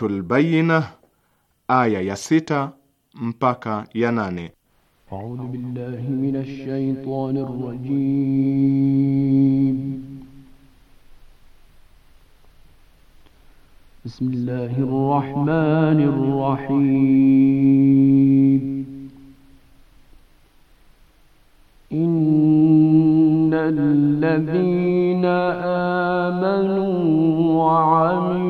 Suratul Bayyina aya ya sita mpaka ya nane. A'udhu billahi minash shaitanir rajim. Bismillahir rahmanir rahim. إن الذين آمنوا وعملوا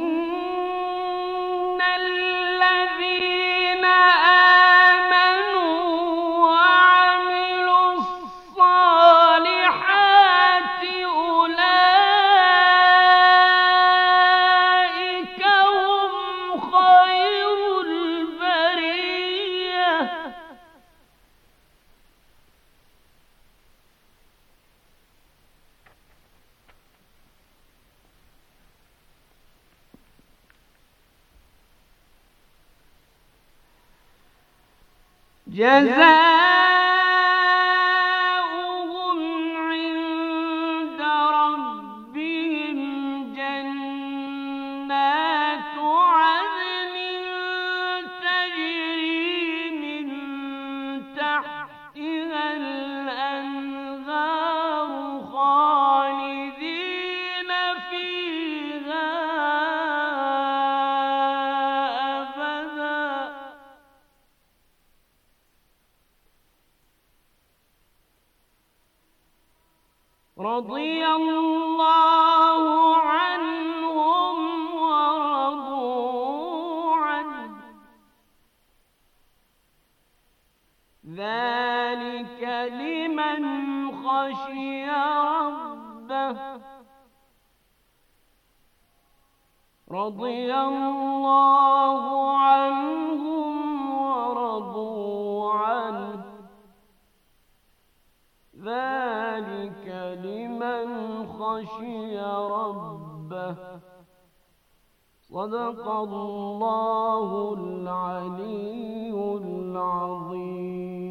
خشي ربه رضي الله عنهم ورضوا عنه ذلك لمن خشي ربه صدق الله العلي العظيم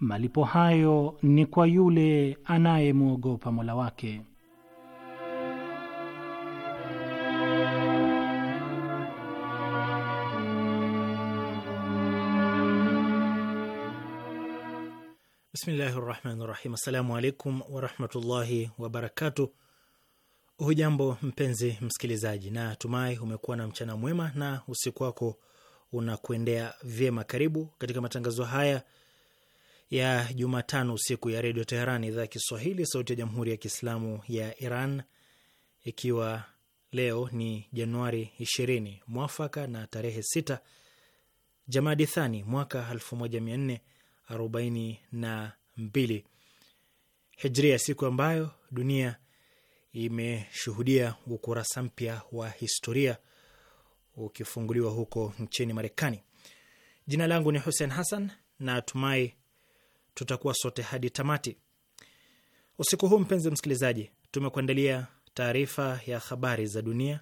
Malipo hayo ni kwa yule anayemwogopa Mola wake. Bismillahi rahmani rahim. Assalamu alaikum warahmatullahi wabarakatu. Hujambo mpenzi msikilizaji, na tumai umekuwa na mchana mwema na usiku wako unakuendea vyema. Karibu katika matangazo haya ya Jumatano usiku ya Redio Teheran, idhaa ya Kiswahili, sauti ya Jamhuri ya Kiislamu ya Iran, ikiwa leo ni Januari 20 mwafaka na tarehe 6 Jamadi Thani mwaka 1442 Hijria, siku ambayo dunia imeshuhudia ukurasa mpya wa historia ukifunguliwa huko nchini Marekani. Jina langu ni Hussein Hassan na tumai tutakuwa sote hadi tamati. Usiku huu, mpenzi msikilizaji, tumekuandalia taarifa ya habari za dunia,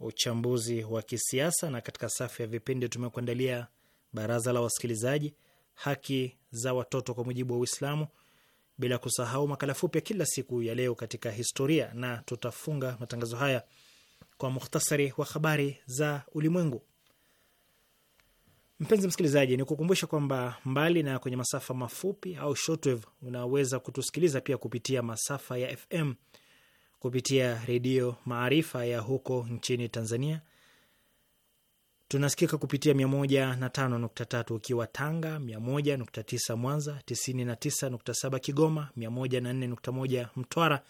uchambuzi wa kisiasa, na katika safu ya vipindi tumekuandalia baraza la wasikilizaji, haki za watoto kwa mujibu wa Uislamu, bila kusahau makala fupi ya kila siku ya leo katika historia, na tutafunga matangazo haya kwa mukhtasari wa habari za ulimwengu. Mpenzi msikilizaji, ni kukumbusha kwamba mbali na kwenye masafa mafupi au shortwave, unaweza kutusikiliza pia kupitia masafa ya FM kupitia Redio Maarifa ya huko nchini Tanzania. Tunasikika kupitia 105.3 ukiwa Tanga, 101.9 Mwanza, 99.7 Kigoma, 104.1 Mtwara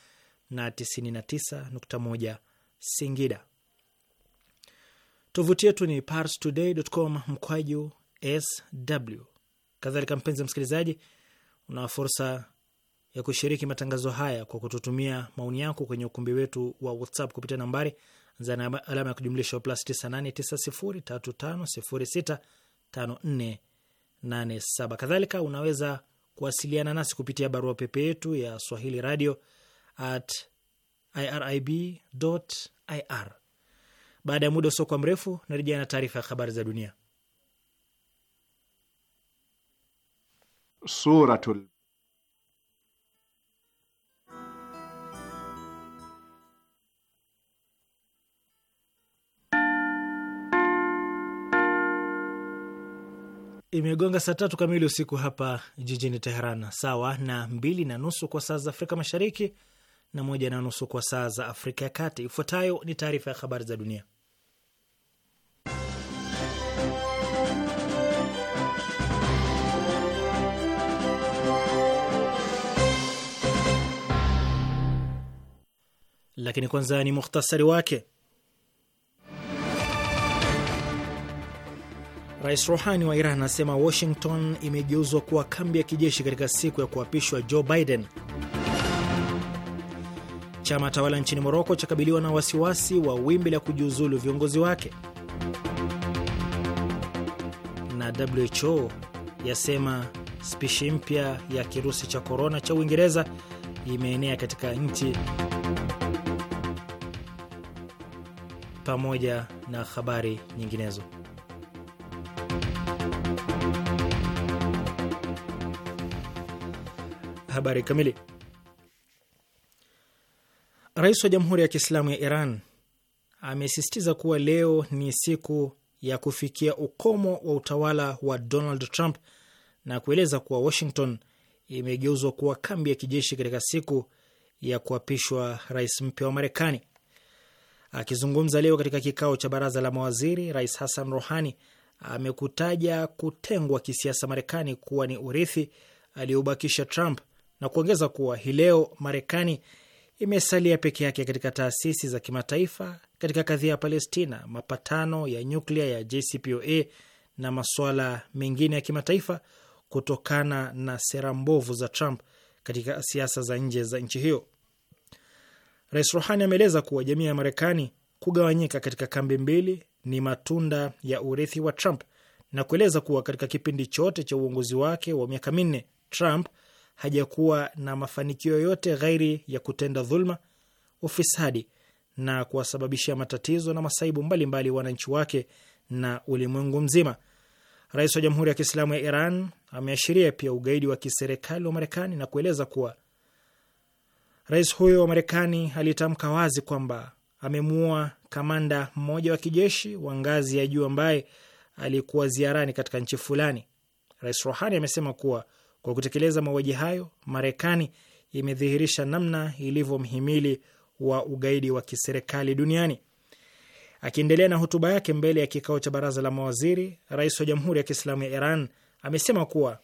na 99.1 Singida. Tovuti yetu ni parstoday.com mkwaju sw. Kadhalika, mpenzi msikilizaji, una fursa ya kushiriki matangazo haya kwa kututumia maoni yako kwenye ukumbi wetu wa WhatsApp kupitia nambari zana alama ya kujumlisha plus 989035065487. Kadhalika, unaweza kuwasiliana nasi kupitia barua pepe yetu ya swahili radio at ir baada ya muda kwa mrefu, narejea na taarifa ya habari za dunia. Suratul imegonga saa tatu kamili usiku hapa jijini Teheran, sawa na mbili na nusu kwa saa za Afrika Mashariki na moja na nusu kwa saa za Afrika ya Kati. Ifuatayo ni taarifa ya habari za dunia, lakini kwanza ni mukhtasari wake. Rais Rohani wa Iran anasema Washington imegeuzwa kuwa kambi ya kijeshi katika siku ya kuapishwa Joe Biden. Chama tawala nchini Moroko chakabiliwa na wasiwasi wa wimbi la kujiuzulu viongozi wake, na WHO yasema spishi mpya ya kirusi cha korona cha Uingereza imeenea katika nchi pamoja na habari nyinginezo. Habari kamili. Rais wa Jamhuri ya Kiislamu ya Iran amesisitiza kuwa leo ni siku ya kufikia ukomo wa utawala wa Donald Trump na kueleza kuwa Washington imegeuzwa kuwa kambi ya kijeshi katika siku ya kuapishwa rais mpya wa Marekani. Akizungumza leo katika kikao cha baraza la mawaziri, Rais Hassan Rohani amekutaja kutengwa kisiasa Marekani kuwa ni urithi aliyoubakisha Trump na kuongeza kuwa hii leo Marekani imesalia peke yake katika taasisi za kimataifa katika kadhia ya Palestina, mapatano ya nyuklia ya JCPOA na masuala mengine ya kimataifa kutokana na sera mbovu za Trump katika siasa za nje za nchi hiyo. Rais Rohani ameeleza kuwa jamii ya Marekani kugawanyika katika kambi mbili ni matunda ya urithi wa Trump na kueleza kuwa katika kipindi chote cha uongozi wake wa miaka minne, Trump hajakuwa na mafanikio yoyote ghairi ya kutenda dhulma, ufisadi na kuwasababishia matatizo na masaibu mbalimbali wananchi wake na ulimwengu mzima. Rais wa Jamhuri ya Kiislamu ya Iran ameashiria pia ugaidi wa kiserikali wa Marekani na kueleza kuwa Rais huyo wa Marekani alitamka wazi kwamba amemuua kamanda mmoja wa kijeshi wa ngazi ya juu ambaye alikuwa ziarani katika nchi fulani. Rais Rohani amesema kuwa kwa kutekeleza mauaji hayo, Marekani imedhihirisha namna ilivyo mhimili wa ugaidi wa kiserikali duniani. Akiendelea na hotuba yake mbele ya kikao cha baraza la mawaziri, rais wa Jamhuri ya Kiislamu ya Iran amesema kuwa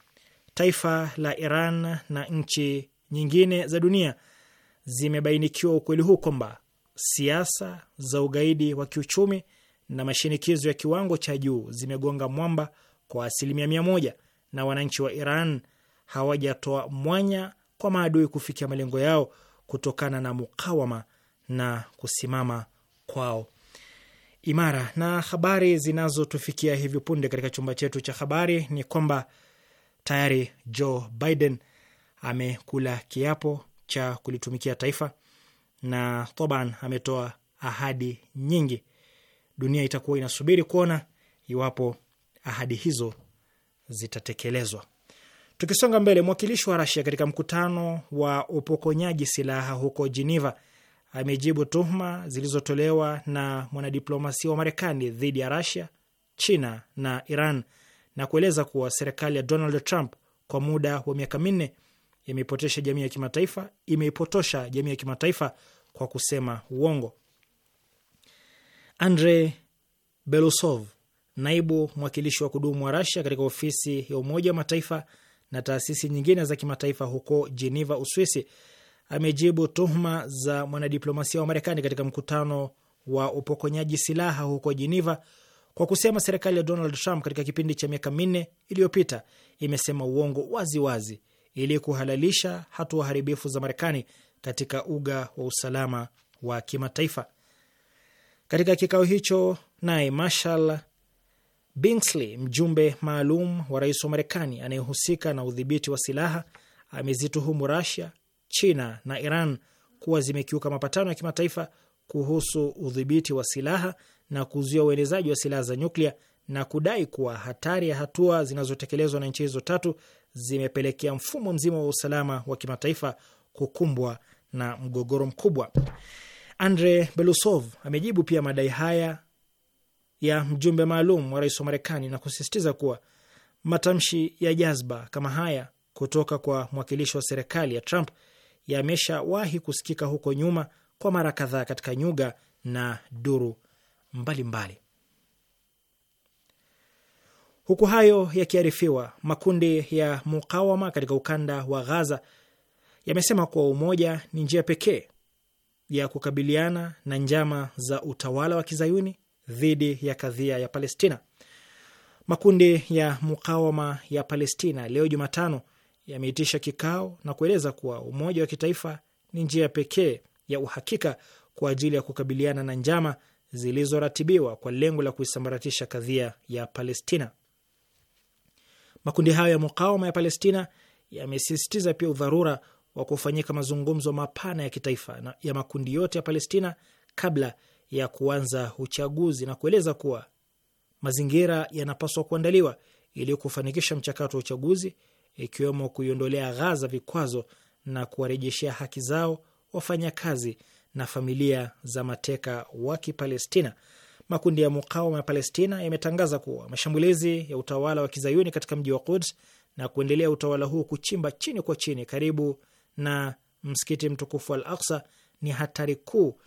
taifa la Iran na nchi nyingine za dunia zimebainikiwa ukweli huu kwamba siasa za ugaidi wa kiuchumi na mashinikizo ya kiwango cha juu zimegonga mwamba kwa asilimia mia moja na wananchi wa Iran hawajatoa mwanya kwa maadui kufikia malengo yao kutokana na mukawama na kusimama kwao imara. Na habari zinazotufikia hivi punde katika chumba chetu cha habari ni kwamba tayari Joe Biden amekula kiapo cha kulitumikia taifa, na Thoban ametoa ahadi nyingi. Dunia itakuwa inasubiri kuona iwapo ahadi hizo zitatekelezwa. Tukisonga mbele, mwakilishi wa Rasia katika mkutano wa upokonyaji silaha huko Geneva amejibu tuhuma zilizotolewa na mwanadiplomasia wa Marekani dhidi ya Rasia, China na Iran na kueleza kuwa serikali ya Donald Trump kwa muda wa miaka minne imepotosha jamii ya kimataifa, imeipotosha jamii ya kimataifa kwa kusema uongo. andre Belousov, naibu mwakilishi wa kudumu wa Rasia katika ofisi ya Umoja wa Mataifa na taasisi nyingine za kimataifa huko Jeneva, Uswisi, amejibu tuhuma za mwanadiplomasia wa Marekani katika mkutano wa upokonyaji silaha huko Jeneva kwa kusema serikali ya Donald Trump katika kipindi cha miaka minne iliyopita imesema uongo waziwazi wazi ili kuhalalisha hatua haribifu za Marekani katika uga wa usalama wa kimataifa. Katika kikao hicho, naye Marshall Bingsley, mjumbe maalum wa rais wa Marekani anayehusika na udhibiti wa silaha, amezituhumu Rasia, China na Iran kuwa zimekiuka mapatano ya kimataifa kuhusu udhibiti wa silaha na kuzuia uenezaji wa silaha za nyuklia na kudai kuwa hatari ya hatua zinazotekelezwa na nchi hizo tatu zimepelekea mfumo mzima wa usalama wa kimataifa kukumbwa na mgogoro mkubwa. Andre Belusov amejibu pia madai haya ya mjumbe maalum wa rais wa Marekani na kusisitiza kuwa matamshi ya jazba kama haya kutoka kwa mwakilishi wa serikali ya Trump yameshawahi kusikika huko nyuma kwa mara kadhaa katika nyuga na duru mbalimbali mbali. Huku hayo yakiarifiwa, makundi ya mukawama katika ukanda wa Ghaza yamesema kuwa umoja ni njia pekee ya kukabiliana na njama za utawala wa kizayuni dhidi ya kadhia ya Palestina. Makundi ya mukawama ya Palestina leo Jumatano yameitisha kikao na kueleza kuwa umoja wa kitaifa ni njia pekee ya uhakika kwa ajili ya kukabiliana na njama zilizoratibiwa kwa lengo la kuisambaratisha kadhia ya Palestina. Makundi hayo ya mukawama ya Palestina yamesisitiza pia udharura wa kufanyika mazungumzo mapana ya kitaifa ya makundi yote ya Palestina kabla ya kuanza uchaguzi na kueleza kuwa mazingira yanapaswa kuandaliwa ili kufanikisha mchakato wa uchaguzi, ikiwemo kuiondolea Ghaza vikwazo na kuwarejeshea haki zao wafanyakazi na familia za mateka wa Kipalestina. Makundi ya mukawama ya Palestina yametangaza kuwa mashambulizi ya utawala wa kizayuni katika mji wa Quds na kuendelea utawala huo kuchimba chini kwa chini karibu na msikiti mtukufu Al Aksa ni hatari kuu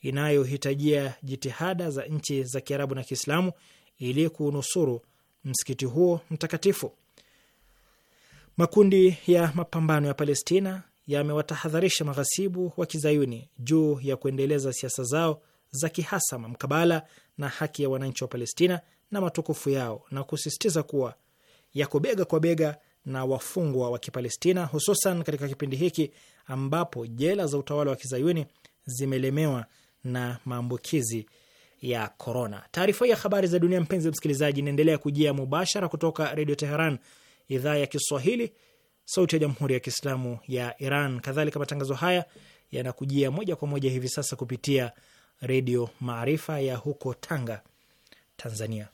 inayohitajia jitihada za nchi za Kiarabu na Kiislamu ili kuunusuru msikiti huo mtakatifu. Makundi ya mapambano ya Palestina yamewatahadharisha maghasibu wa kizayuni juu ya kuendeleza siasa zao za kihasama mkabala na haki ya wananchi wa Palestina na matukufu yao na kusisitiza kuwa yako bega kwa bega na wafungwa wa Kipalestina, hususan katika kipindi hiki ambapo jela za utawala wa kizayuni zimelemewa na maambukizi ya korona. Taarifa hii ya habari za dunia, mpenzi msikilizaji, inaendelea kujia mubashara kutoka Redio Teheran, idhaa ya Kiswahili, sauti ya Jamhuri ya Kiislamu ya Iran. Kadhalika, matangazo haya yanakujia moja kwa moja hivi sasa kupitia Redio Maarifa ya huko Tanga, Tanzania.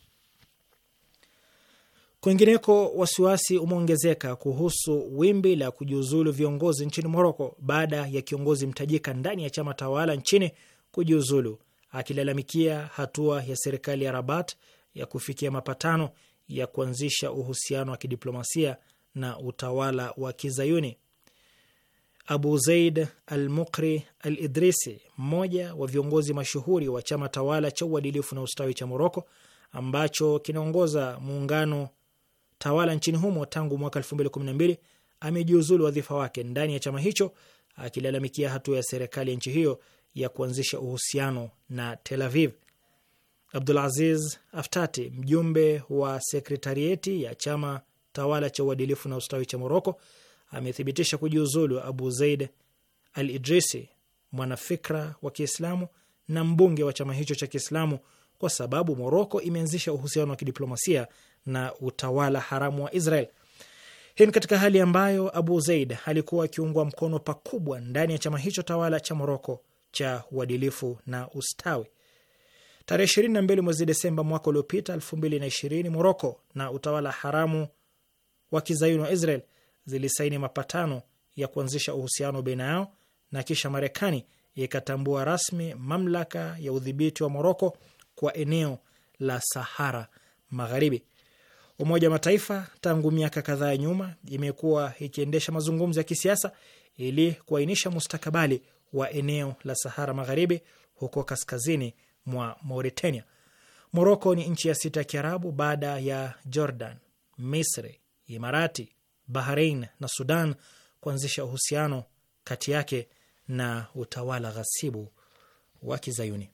Kwingineko, wasiwasi umeongezeka kuhusu wimbi la kujiuzulu viongozi nchini Moroko baada ya kiongozi mtajika ndani ya chama tawala nchini kujiuzulu akilalamikia hatua ya serikali ya Rabat ya kufikia mapatano ya kuanzisha uhusiano wa kidiplomasia na utawala wa Kizayuni. Abu Zeid al Mukri al Idrisi, mmoja wa viongozi mashuhuri wa chama tawala cha uadilifu na ustawi cha Moroko ambacho kinaongoza muungano tawala nchini humo tangu mwaka 2012 amejiuzulu wadhifa wake ndani ya chama hicho akilalamikia hatua ya serikali ya nchi hiyo ya kuanzisha uhusiano na Tel Aviv. Abdul Aziz Aftati, mjumbe wa sekretarieti ya chama tawala cha uadilifu na ustawi cha Moroko, amethibitisha kujiuzulu Abu Zaid Al Idrisi, mwanafikra wa Kiislamu na mbunge wa chama hicho cha Kiislamu, kwa sababu Moroko imeanzisha uhusiano wa kidiplomasia na utawala haramu wa Israel. Hii ni katika hali ambayo Abu Zaid alikuwa akiungwa mkono pakubwa ndani ya chama hicho tawala cha Moroko cha uadilifu na ustawi. Tarehe ishirini na mbili mwezi Desemba mwaka uliopita elfu mbili na ishirini, Moroko na utawala haramu wa kizayuni wa Israel zilisaini mapatano ya kuanzisha uhusiano baina yao na kisha Marekani ikatambua rasmi mamlaka ya udhibiti wa Moroko kwa eneo la Sahara Magharibi. Umoja wa Mataifa tangu miaka kadhaa ya nyuma imekuwa ikiendesha mazungumzo ya kisiasa ili kuainisha mustakabali wa eneo la Sahara Magharibi huko kaskazini mwa Mauritania. Moroko ni nchi ya sita ya Kiarabu baada ya Jordan, Misri, Imarati, Bahrain na Sudan kuanzisha uhusiano kati yake na utawala ghasibu wa Kizayuni.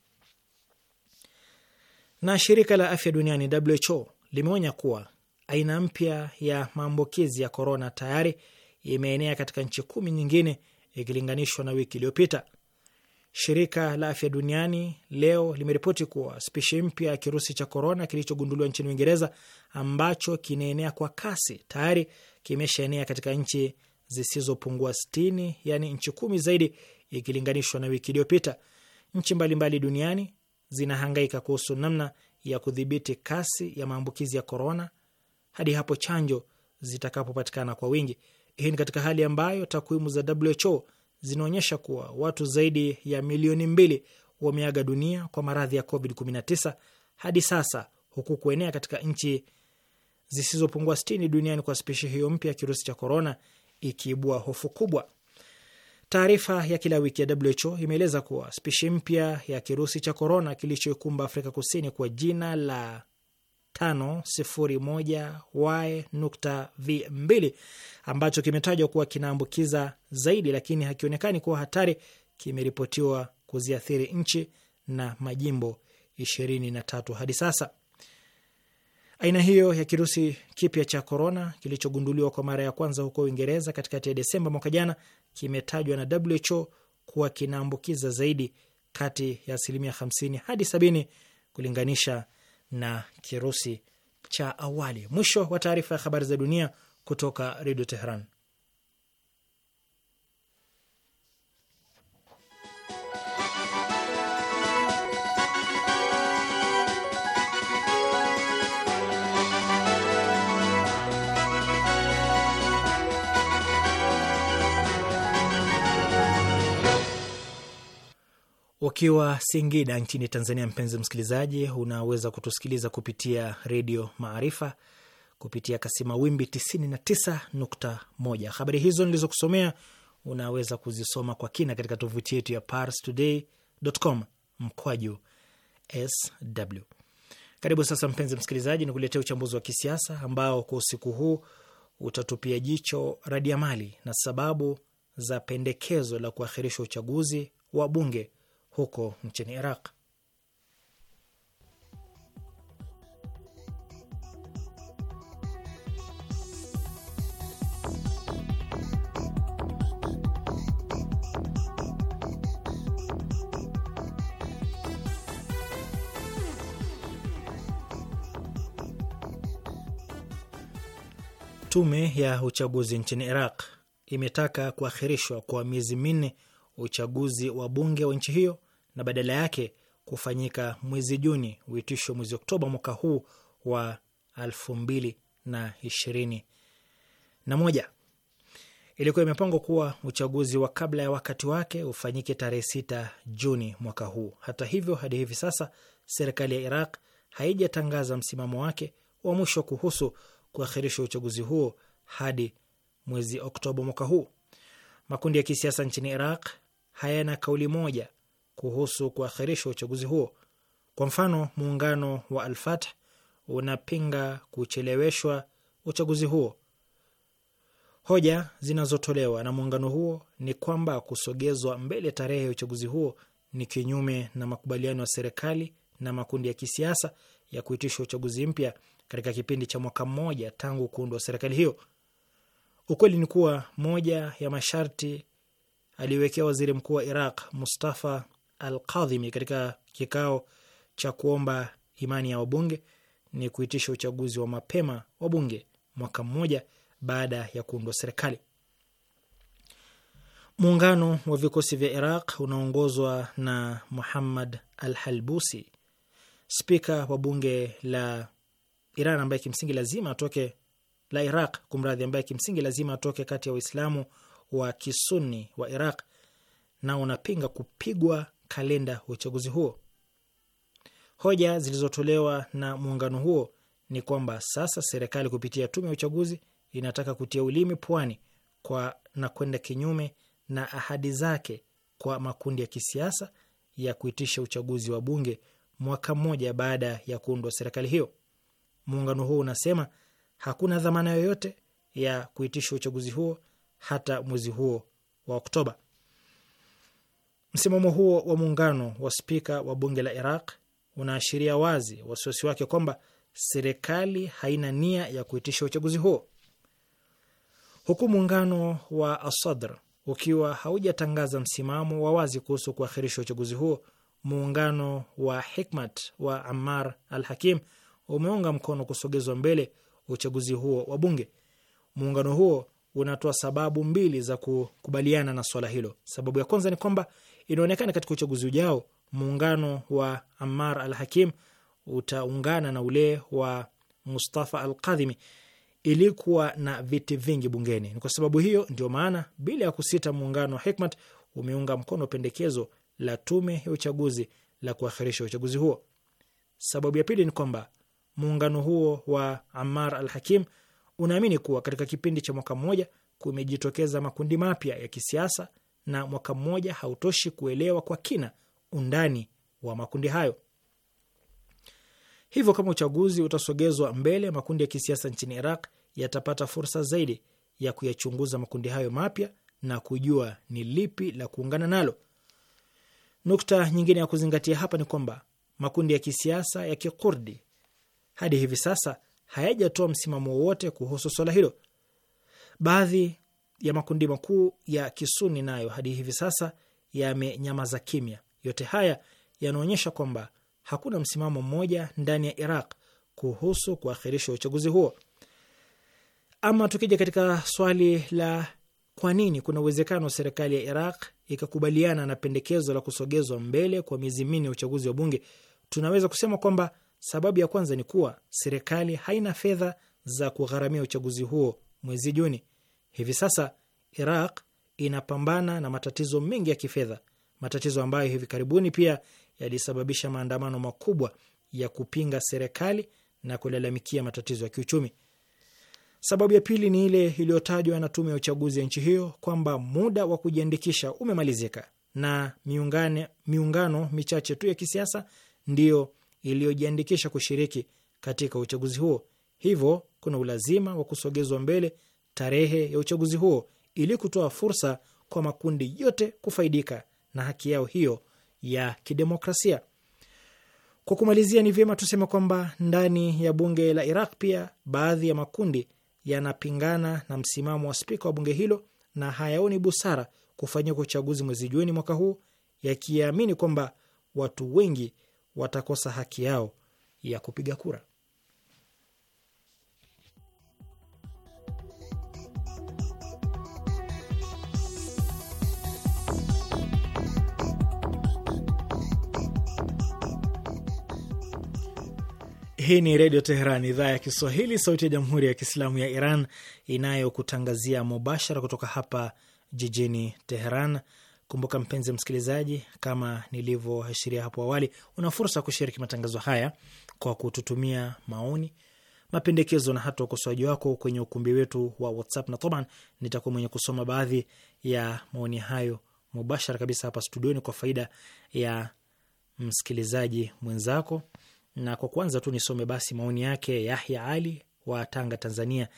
Na shirika la afya duniani WHO limeonya kuwa aina mpya ya maambukizi ya korona tayari imeenea katika nchi kumi nyingine ikilinganishwa na wiki iliyopita. Shirika la afya duniani leo limeripoti kuwa spishi mpya ya kirusi cha korona kilichogunduliwa nchini Uingereza ambacho kinaenea kwa kasi tayari kimeshaenea katika nchi zisizopungua sitini, yaani nchi kumi zaidi ikilinganishwa na wiki iliyopita. Nchi mbalimbali duniani zinahangaika kuhusu namna ya kudhibiti kasi ya maambukizi ya korona hadi hapo chanjo zitakapopatikana kwa wingi. Hii ni katika hali ambayo takwimu za WHO zinaonyesha kuwa watu zaidi ya milioni mbili wameaga dunia kwa maradhi ya COVID-19 hadi sasa, huku kuenea katika nchi zisizopungua sitini duniani kwa spishi hiyo mpya ya kirusi cha korona ikiibua hofu kubwa. Taarifa ya kila wiki ya WHO imeeleza kuwa spishi mpya ya kirusi cha korona kilichoikumba Afrika Kusini kwa jina la 501Y.V2 ambacho kimetajwa kuwa kinaambukiza zaidi, lakini hakionekani kuwa hatari, kimeripotiwa kuziathiri nchi na majimbo 23 hadi sasa. Aina hiyo ya kirusi kipya cha korona kilichogunduliwa kwa mara ya kwanza huko Uingereza katikati ya Desemba mwaka jana kimetajwa na WHO kuwa kinaambukiza zaidi kati ya asilimia 50 hadi 70 kulinganisha na kirusi cha awali. Mwisho wa taarifa ya habari za dunia kutoka Redio Teheran. Ukiwa Singida nchini Tanzania, mpenzi msikilizaji, unaweza kutusikiliza kupitia Redio Maarifa kupitia kasima wimbi 99.1. Habari hizo nilizokusomea unaweza kuzisoma kwa kina katika tovuti yetu ya parstoday.com mkwaju sw. Karibu sasa, mpenzi msikilizaji, ni kuletea uchambuzi wa kisiasa ambao kwa usiku huu utatupia jicho radiamali na sababu za pendekezo la kuahirishwa uchaguzi wa bunge huko nchini Iraq. Tume ya uchaguzi nchini Iraq imetaka kuakhirishwa kwa miezi minne uchaguzi wa bunge wa nchi hiyo na badala yake kufanyika mwezi Juni uitishwe mwezi Oktoba mwaka huu wa elfu mbili na ishirini na moja. Ilikuwa imepangwa kuwa uchaguzi wa kabla ya wakati wake ufanyike tarehe sita Juni mwaka huu. Hata hivyo, hadi hivi sasa serikali ya Iraq haijatangaza msimamo wake wa mwisho kuhusu kuakhirisha uchaguzi huo hadi mwezi Oktoba mwaka huu. Makundi ya kisiasa nchini Iraq hayana kauli moja kuhusu kuakhirishwa uchaguzi huo. Kwa mfano, muungano wa alfat unapinga kucheleweshwa uchaguzi huo. Hoja zinazotolewa na muungano huo ni kwamba kusogezwa mbele tarehe ya uchaguzi huo ni kinyume na makubaliano ya serikali na makundi ya kisiasa ya kuitisha uchaguzi mpya katika kipindi cha mwaka mmoja tangu kuundwa serikali hiyo. Ukweli ni kuwa moja ya masharti aliwekea waziri mkuu wa Iraq Mustafa al Kadhimi katika kikao cha kuomba imani ya wabunge ni kuitisha uchaguzi wa mapema wa bunge mwaka mmoja baada ya kuundwa serikali. Muungano wa vikosi vya Iraq unaongozwa na Muhammad al Halbusi, spika wa bunge la Iran ambaye kimsingi lazima atoke la Iraq, kumradhi, ambaye kimsingi lazima atoke kati ya Waislamu wa kisuni wa Iraq na unapinga kupigwa kalenda wa uchaguzi huo. Hoja zilizotolewa na muungano huo ni kwamba sasa serikali kupitia tume ya uchaguzi inataka kutia ulimi pwani kwa na kwenda kinyume na ahadi zake kwa makundi ya kisiasa ya kuitisha uchaguzi wa bunge mwaka mmoja baada ya kuundwa serikali hiyo. Muungano huo unasema hakuna dhamana yoyote ya kuitisha uchaguzi huo hata mwezi huo wa Oktoba. Msimamo huo wa muungano wa spika wa bunge la Iraq unaashiria wazi wasiwasi wake kwamba serikali haina nia ya kuitisha uchaguzi huo, huku muungano wa Asadr ukiwa haujatangaza msimamo wa wazi kuhusu kuahirisha uchaguzi huo. Muungano wa Hikmat wa Ammar al Hakim umeunga mkono kusogezwa mbele uchaguzi huo wa bunge. Muungano huo unatoa sababu mbili za kukubaliana na swala hilo. Sababu ya kwanza ni kwamba inaonekana katika uchaguzi ujao muungano wa Ammar al Hakim utaungana na ule wa Mustafa al Kadhimi ilikuwa na viti vingi bungeni. Ni kwa sababu hiyo ndio maana bila ya kusita muungano wa Hikmat umeunga mkono pendekezo la tume ya uchaguzi la kuakhirisha uchaguzi huo. Sababu ya pili ni kwamba muungano huo wa Ammar al Hakim unaamini kuwa katika kipindi cha mwaka mmoja kumejitokeza makundi mapya ya kisiasa na mwaka mmoja hautoshi kuelewa kwa kina undani wa makundi hayo. Hivyo, kama uchaguzi utasogezwa mbele, makundi ya kisiasa nchini Iraq yatapata fursa zaidi ya kuyachunguza makundi hayo mapya na kujua ni lipi la kuungana nalo. Nukta nyingine ya kuzingatia hapa ni kwamba makundi ya kisiasa ya Kikurdi hadi hivi sasa hayajatoa msimamo wowote kuhusu swala hilo. Baadhi ya makundi makuu ya Kisuni nayo hadi hivi sasa yamenyamaza kimya. Yote haya yanaonyesha kwamba hakuna msimamo mmoja ndani ya Iraq kuhusu kuakhirishwa uchaguzi huo. Ama tukija katika swali la kwa nini kuna uwezekano wa serikali ya Iraq ikakubaliana na pendekezo la kusogezwa mbele kwa miezi minne ya uchaguzi wa bunge, tunaweza kusema kwamba Sababu ya kwanza ni kuwa serikali haina fedha za kugharamia uchaguzi huo mwezi Juni. Hivi sasa Iraq inapambana na matatizo mengi ya kifedha, matatizo ambayo hivi karibuni pia yalisababisha maandamano makubwa ya kupinga serikali na kulalamikia matatizo ya kiuchumi. Sababu ya pili ni ile iliyotajwa na tume ya uchaguzi ya nchi hiyo kwamba muda wa kujiandikisha umemalizika na miungane, miungano michache tu ya kisiasa ndiyo iliyojiandikisha kushiriki katika uchaguzi huo. Hivyo kuna ulazima wa kusogezwa mbele tarehe ya uchaguzi huo ili kutoa fursa kwa makundi yote kufaidika na haki yao hiyo ya kidemokrasia. Kwa kumalizia, ni vyema tuseme kwamba ndani ya bunge la Iraq pia baadhi ya makundi yanapingana na msimamo wa spika wa bunge hilo na hayaoni busara kufanyika uchaguzi mwezi Juni mwaka huu, yakiamini kwamba watu wengi watakosa haki yao ya kupiga kura. Hii ni Redio Teheran, idhaa ya Kiswahili, sauti ya Jamhuri ya Kiislamu ya Iran, inayokutangazia mubashara kutoka hapa jijini Teheran. Kumbuka mpenzi msikilizaji, kama nilivyoashiria hapo awali, una fursa ya kushiriki matangazo haya kwa kututumia maoni, mapendekezo na hata ukosoaji wako kwenye ukumbi wetu wa WhatsApp, na toban nitakuwa mwenye kusoma baadhi ya maoni hayo mubashara kabisa hapa studioni kwa faida ya msikilizaji mwenzako. Na kwa kwanza tu nisome basi maoni yake Yahya Ali wa Tanga, Tanzania.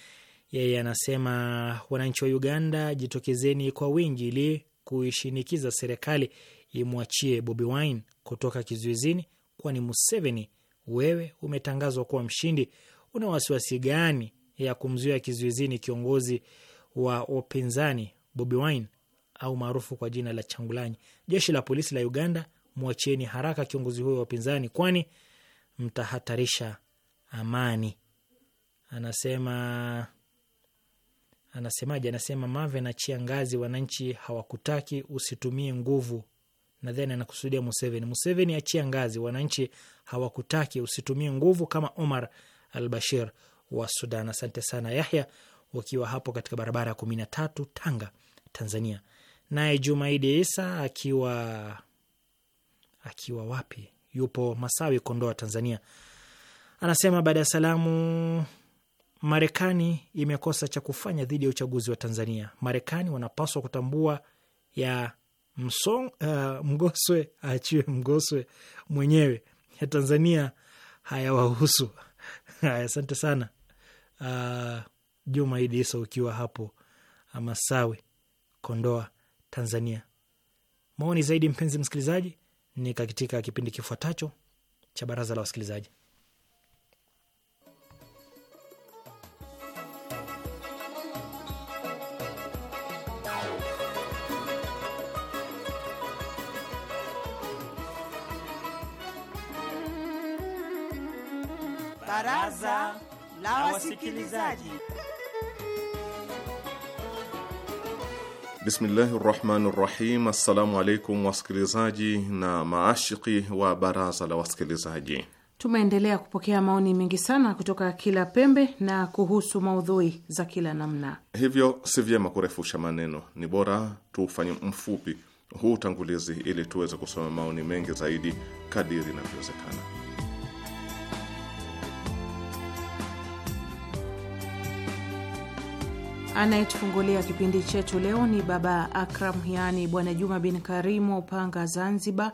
Yeye anasema wananchi wa Uganda, jitokezeni kwa wingi ili kuishinikiza serikali imwachie Bobi Wine kutoka kizuizini, kwani Museveni, wewe umetangazwa kuwa mshindi, una wasiwasi gani ya kumzuia kizuizini kiongozi wa upinzani Bobi Wine au maarufu kwa jina la Changulanyi? Jeshi la polisi la Uganda, mwachieni haraka kiongozi huyo wa upinzani, kwani mtahatarisha amani, anasema anasemaje? Anasema Mave anachia ngazi, wananchi hawakutaki, usitumie nguvu. Nadhani anakusudia Museveni. Museveni achia ngazi, wananchi hawakutaki, usitumie nguvu kama Omar al Bashir wa Sudan. Asante sana Yahya wakiwa hapo katika barabara ya kumi na tatu Tanga, Tanzania. Naye Jumaidi Isa akiwa akiwa wapi? Yupo Masawi, Kondoa, Tanzania, anasema baada ya salamu Marekani imekosa cha kufanya dhidi ya uchaguzi wa Tanzania. Marekani wanapaswa kutambua ya msong, uh, mgoswe aachiwe mgoswe mwenyewe, ya Tanzania hayawahusu. Haya, asante sana uh, Juma Idi Isa ukiwa hapo Masawi, Kondoa, Tanzania. Maoni zaidi mpenzi msikilizaji ni katika kipindi kifuatacho cha Baraza la Wasikilizaji. Baraza la Wasikilizaji. Bismillahi rahmani rahim. Assalamu alaikum wasikilizaji na maashiki wa baraza la wasikilizaji. Tumeendelea kupokea maoni mengi sana kutoka kila pembe na kuhusu maudhui za kila namna, hivyo si vyema kurefusha maneno, ni bora tuufanye mfupi huu utangulizi ili tuweze kusoma maoni mengi zaidi kadiri inavyowezekana. Anayetufungulia kipindi chetu leo ni Baba Akram, yaani Bwana Juma bin Karimu wa Upanga, Zanzibar.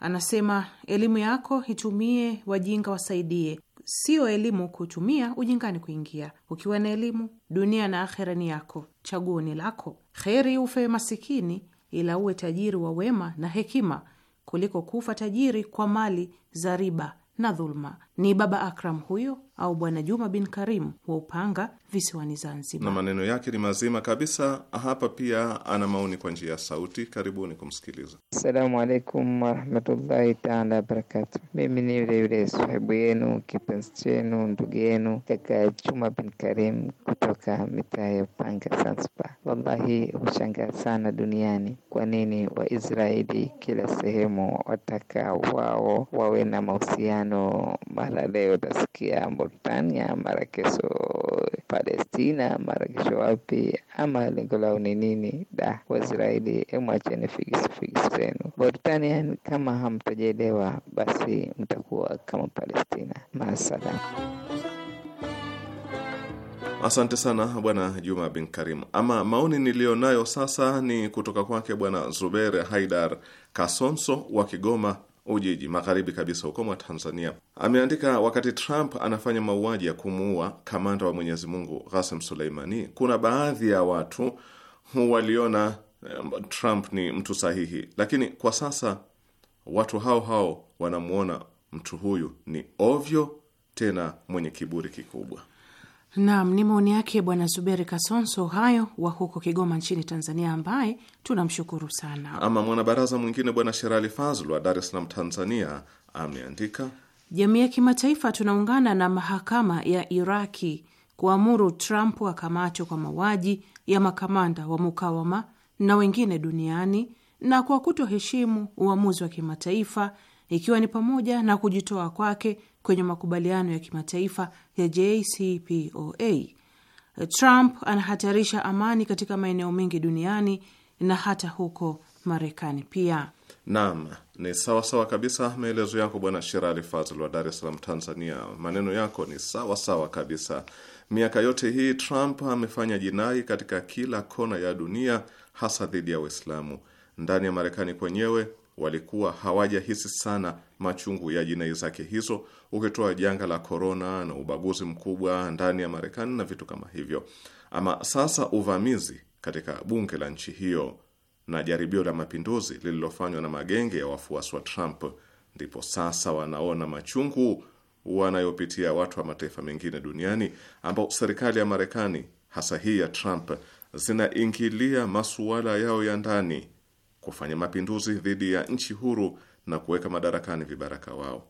Anasema elimu yako itumie, wajinga wasaidie, sio elimu kutumia ujingani kuingia. Ukiwa na elimu, dunia na akhera ni yako, chaguo ni lako. Kheri ufe masikini, ila uwe tajiri wa wema na hekima, kuliko kufa tajiri kwa mali za riba na dhuluma. Ni Baba Akram huyo au Bwana Juma bin Karim wa Upanga visiwani Zanzibar, na maneno yake ni mazima kabisa. Hapa pia ana maoni kwa njia ya sauti, karibuni kumsikiliza. Assalamu alaikum warahmatullahi taala wabarakatu. Mimi ni yule yule sahibu yenu kipenzi chenu ndugu yenu kaka Juma bin Karim kutoka mitaa ya Upanga Zanzibar. Wallahi hushangaa sana duniani kwa nini Waisraeli kila sehemu wataka wao wawe na mahusiano ma mara leo utasikia Mauritania, mara kesho Palestina, mara kesho wapi, ama lengo lao ni nini? Da, Waisraeli emwacheni figisi figisi zenu. Mauritania kama hamtajielewa, basi mtakuwa kama Palestina. Maasalam. Asante sana Bwana Juma bin Karimu. Ama maoni niliyonayo sasa ni kutoka kwake Bwana Zubere Haidar Kasonso wa Kigoma Ujiji, magharibi kabisa huko mwa Tanzania. Ameandika, wakati Trump anafanya mauaji ya kumuua kamanda wa Mwenyezi Mungu suleimani kuna baadhi ya watu waliona eh, Trump ni mtu sahihi, lakini kwa sasa watu hao hao wanamwona mtu huyu ni ovyo, tena mwenye kiburi kikubwa. Naam, ni maoni yake Bwana Zuberi Kasonso hayo wa huko Kigoma nchini Tanzania, ambaye tunamshukuru sana. Ama mwanabaraza mwingine Bwana Sherali Fazl wa Dar es Salaam, Tanzania, ameandika jamii ya kimataifa tunaungana na mahakama ya Iraki kuamuru Trump akamatwe kwa mauaji ya makamanda wa mukawama na wengine duniani na kwa kutoheshimu uamuzi wa kimataifa ikiwa ni pamoja na kujitoa kwake kwenye makubaliano ya kimataifa ya JCPOA. Trump anahatarisha amani katika maeneo mengi duniani na hata huko Marekani pia. Naam, ni sawa sawa kabisa maelezo yako Bwana Shirali Fazl wa Dar es Salaam, Tanzania. Maneno yako ni sawa sawa kabisa. Miaka yote hii Trump amefanya jinai katika kila kona ya dunia, hasa dhidi ya Waislamu. Ndani ya Marekani kwenyewe walikuwa hawajahisi sana machungu ya jinai zake hizo, ukitoa janga la korona na ubaguzi mkubwa ndani ya Marekani na vitu kama hivyo. Ama sasa uvamizi katika bunge la nchi hiyo na jaribio la mapinduzi lililofanywa na magenge ya wafuasi wa Trump, ndipo sasa wanaona machungu wanayopitia watu wa mataifa mengine duniani ambao serikali ya Marekani hasa hii ya Trump zinaingilia masuala yao ya ndani kufanya mapinduzi dhidi ya nchi huru na kuweka madarakani vibaraka wao.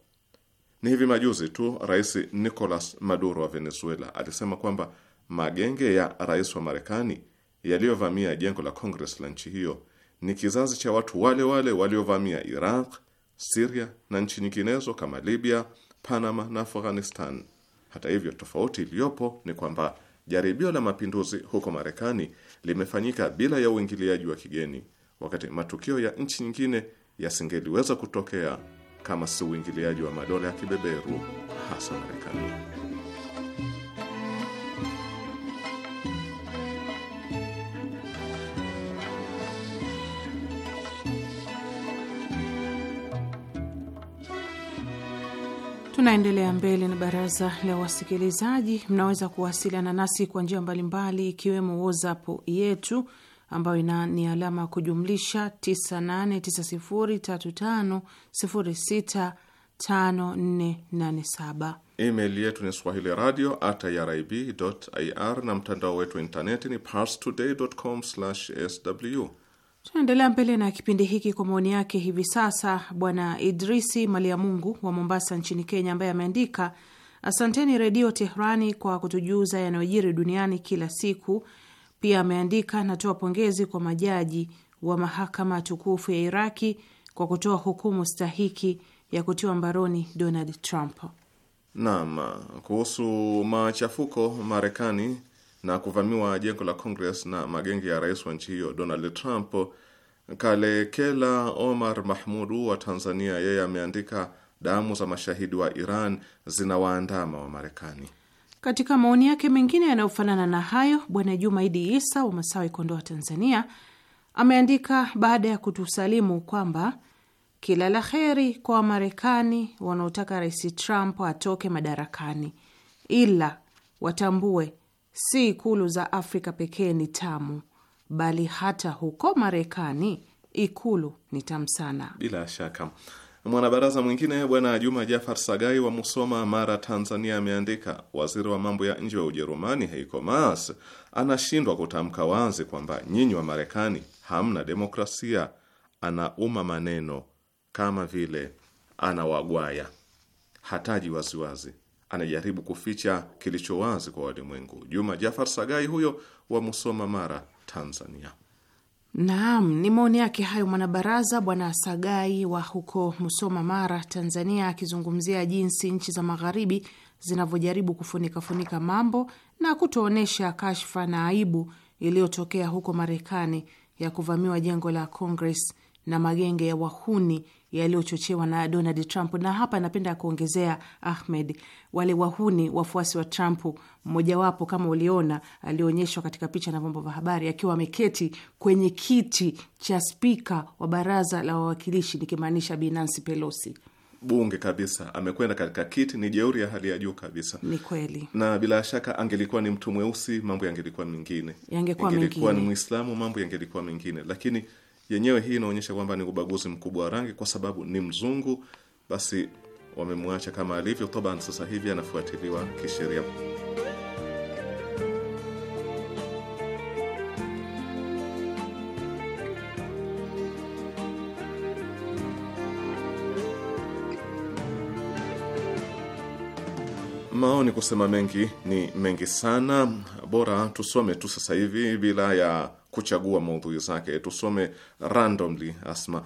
Ni hivi majuzi tu Rais Nicolas Maduro wa Venezuela alisema kwamba magenge ya rais wa Marekani yaliyovamia jengo la Kongres la nchi hiyo ni kizazi cha watu wale wale waliovamia Iraq, Siria na nchi nyinginezo kama Libya, Panama na Afghanistan. Hata hivyo, tofauti iliyopo ni kwamba jaribio la mapinduzi huko Marekani limefanyika bila ya uingiliaji wa kigeni wakati matukio ya nchi nyingine yasingeliweza kutokea kama si uingiliaji wa madola ya kibeberu hasa Marekani. Tunaendelea mbele na baraza la wasikilizaji. Mnaweza kuwasiliana nasi kwa njia mbalimbali, ikiwemo WhatsApp yetu ambayo ina ni alama ya kujumlisha 989035065487. Email yetu ni swahili radio at irib ir, na mtandao wetu wa intaneti ni parstoday.com sw. Tunaendelea mbele na kipindi hiki kwa maoni yake hivi sasa, Bwana Idrisi Maliamungu wa Mombasa nchini Kenya, ambaye ameandika asanteni Redio Tehrani kwa kutujuza yanayojiri duniani kila siku pia ameandika anatoa pongezi kwa majaji wa mahakama tukufu ya Iraki kwa kutoa hukumu stahiki ya kutiwa mbaroni Donald Trump. Naam, kuhusu machafuko Marekani na kuvamiwa jengo la Congress na magenge ya rais wa nchi hiyo Donald Trump, Kalekela Omar Mahmudu wa Tanzania, yeye ameandika damu za mashahidi wa Iran zinawaandama wa Marekani. Katika maoni yake mengine yanayofanana na hayo, Bwana Jumaidi Isa wa Masawi, Kondoa, Tanzania, ameandika baada ya kutusalimu kwamba kila la heri kwa Wamarekani wanaotaka Rais Trump atoke madarakani, ila watambue si ikulu za Afrika pekee ni tamu, bali hata huko Marekani ikulu ni tamu sana. Bila shaka Mwanabaraza mwingine bwana Juma Jafar Sagai wa Musoma, Mara, Tanzania, ameandika waziri wa mambo ya nje wa Ujerumani Heiko Maas anashindwa kutamka wazi kwamba nyinyi wa Marekani hamna demokrasia. Anauma maneno kama vile anawagwaya, hataji waziwazi, anajaribu kuficha kilicho wazi kwa walimwengu. Juma Jafar Sagai huyo wa Musoma, Mara, Tanzania. Naam, ni maoni yake hayo mwanabaraza Bwana Sagai wa huko Musoma, Mara, Tanzania, akizungumzia jinsi nchi za magharibi zinavyojaribu kufunikafunika mambo na kutoonyesha kashfa na aibu iliyotokea huko Marekani ya kuvamiwa jengo la Congress na magenge ya wahuni yaliyochochewa na Donald Trump. Na hapa napenda kuongezea Ahmed, wale wahuni wafuasi wa Trump, mmojawapo kama uliona, alionyeshwa katika picha na vyombo vya habari akiwa ameketi kwenye kiti cha spika wa baraza la wawakilishi, nikimaanisha Bi Nancy Pelosi bunge kabisa, amekwenda katika kiti. Ni jeuri ya hali ya juu kabisa. Ni kweli, na bila shaka angelikuwa ni mtu mweusi, mambo yangelikuwa mengine. Yangelikuwa ni Mwislamu, mambo yangelikuwa mengine, lakini yenyewe hii inaonyesha kwamba ni ubaguzi mkubwa wa rangi, kwa sababu ni mzungu, basi wamemwacha kama alivyo. Toban sasa hivi anafuatiliwa kisheria. maoni kusema mengi ni mengi sana, bora tusome tu sasa hivi bila ya kuchagua maudhui zake, tusome randomly. Asma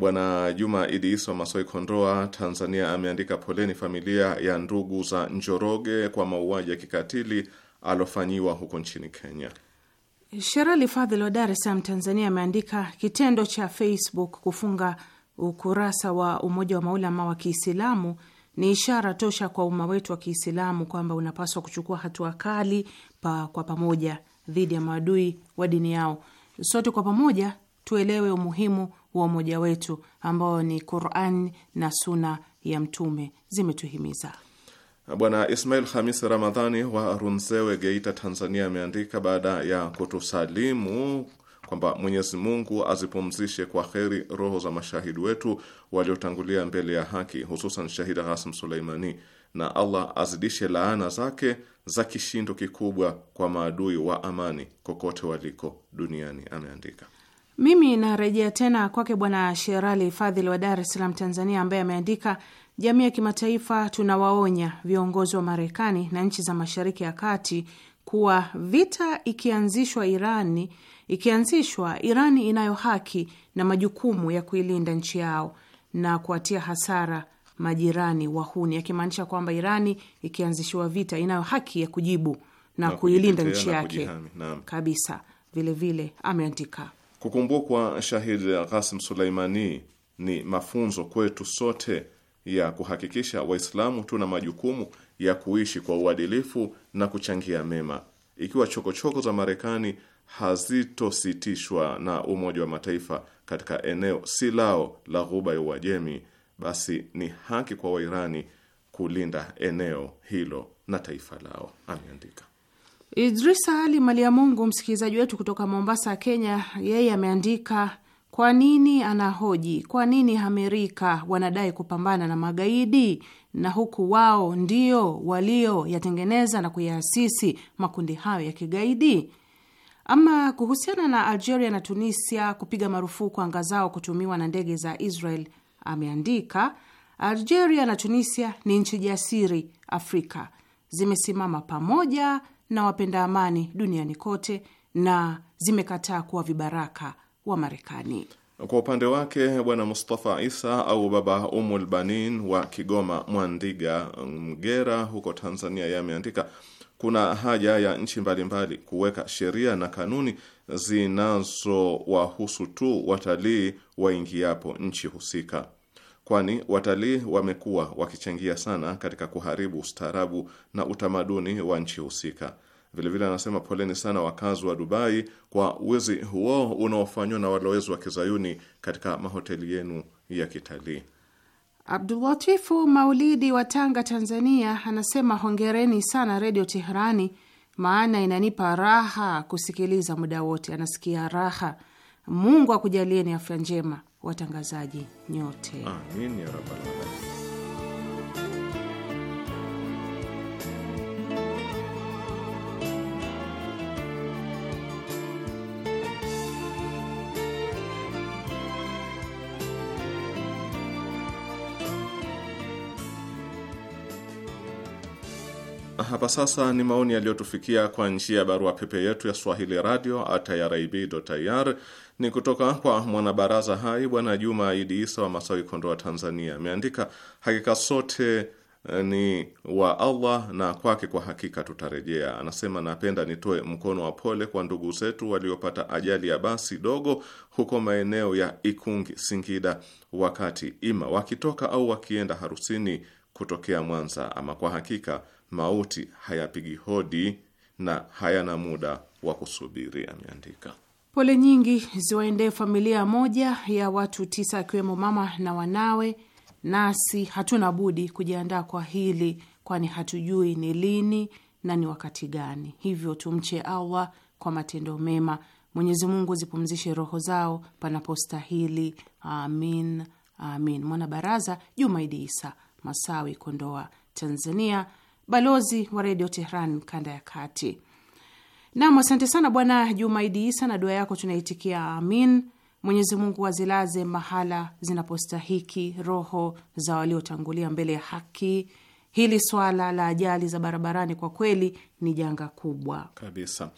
Bwana Juma Idi Masoi, Kondoa, Tanzania, ameandika poleni familia ya ndugu za Njoroge kwa mauaji ya kikatili alofanyiwa huko nchini Kenya. Sherali Fadhil wa Dar es Salaam, Tanzania, ameandika kitendo cha Facebook kufunga ukurasa wa Umoja wa Maulama wa Kiislamu ni ishara tosha kwa umma wetu wa Kiislamu kwamba unapaswa kuchukua hatua kali pa, kwa pamoja dhidi ya maadui wa dini yao. Sote kwa pamoja tuelewe umuhimu wa umoja wetu ambao ni Qur'an na Suna ya Mtume zimetuhimiza. Bwana Ismail Hamis Ramadhani wa Runzewe, Geita, Tanzania, ameandika baada ya kutusalimu kwamba Mwenyezi Mungu azipumzishe kwa kheri roho za mashahidi wetu waliotangulia mbele ya haki, hususan shahida Hasim Suleimani, na Allah azidishe laana zake za kishindo kikubwa kwa maadui wa amani kokote waliko duniani, ameandika. Mimi narejea tena kwake Bwana Sherali Fadhil wa Dar es Salaam, Tanzania, ambaye ameandika Jamii ya kimataifa, tunawaonya viongozi wa Marekani na nchi za Mashariki ya Kati kuwa vita ikianzishwa Irani ikianzishwa Irani inayo haki na majukumu ya kuilinda nchi yao na kuwatia hasara majirani wahuni, akimaanisha kwamba Irani ikianzishiwa vita inayo haki ya kujibu na, na kuilinda nchi yake kabisa. Vilevile ameandika kukumbukwa shahid Qasim Suleimani ni mafunzo kwetu sote ya kuhakikisha Waislamu tuna majukumu ya kuishi kwa uadilifu na kuchangia mema. Ikiwa chokochoko za Marekani hazitositishwa na Umoja wa Mataifa katika eneo si lao la Ghuba ya Uajemi, basi ni haki kwa Wairani kulinda eneo hilo na taifa lao, ameandika Idrisa Ali Maliamungu, msikilizaji wetu kutoka Mombasa, Kenya. Yeye ameandika kwa nini anahoji, kwa nini Amerika wanadai kupambana na magaidi na huku wao ndio walioyatengeneza na kuyaasisi makundi hayo ya kigaidi? Ama kuhusiana na Algeria na Tunisia kupiga marufuku anga zao kutumiwa na ndege za Israel, ameandika Algeria na Tunisia ni nchi jasiri Afrika, zimesimama pamoja na wapenda amani duniani kote na zimekataa kuwa vibaraka wa Marekani. Kwa upande wake Bwana Mustafa Isa au Baba Umul Banin wa Kigoma Mwandiga, Mgera huko Tanzania, yameandika kuna haja ya nchi mbalimbali kuweka sheria na kanuni zinazowahusu tu watalii waingiapo nchi husika, kwani watalii wamekuwa wakichangia sana katika kuharibu ustaarabu na utamaduni wa nchi husika. Vilevile anasema poleni sana wakazi wa Dubai kwa wizi huo unaofanywa na walowezi wa kizayuni katika mahoteli yenu ya kitalii. Abdulatifu Maulidi wa Tanga, Tanzania, anasema hongereni sana Redio Teherani, maana inanipa raha kusikiliza muda wote, anasikia raha. Mungu akujalieni afya njema watangazaji nyote, amin ya rabbal alamin. hapa sasa ni maoni yaliyotufikia kwa njia ya barua pepe yetu ya swahili radio @irib.ir. Ni kutoka kwa mwanabaraza hai Bwana Juma Idi Isa wa Masawi, Kondoa, Tanzania. Ameandika, hakika sote eh, ni wa Allah na kwake kwa hakika tutarejea. Anasema, napenda nitoe mkono wa pole kwa ndugu zetu waliopata ajali ya basi dogo huko maeneo ya Ikungi, Singida, wakati ima wakitoka au wakienda harusini kutokea Mwanza. Ama kwa hakika mauti hayapigi hodi na hayana muda wa kusubiri, ameandika. Pole nyingi ziwaendee familia moja ya watu tisa, akiwemo mama na wanawe. Nasi hatuna budi kujiandaa kwa hili, kwani hatujui ni lini na ni wakati gani. Hivyo tumche Allah kwa matendo mema. Mwenyezi Mungu zipumzishe roho zao panapostahili, amin amin. Mwanabaraza Jumaidi Isa Masawi, Kondoa, Tanzania balozi wa redio Tehran kanda ya kati. Nam, asante sana Bwana Jumaidi Isa, na dua yako tunaitikia amin. Mwenyezi Mungu azilaze mahala zinapostahiki roho za waliotangulia mbele ya haki. Hili swala la ajali za barabarani kwa kweli ni janga kubwa kabisa.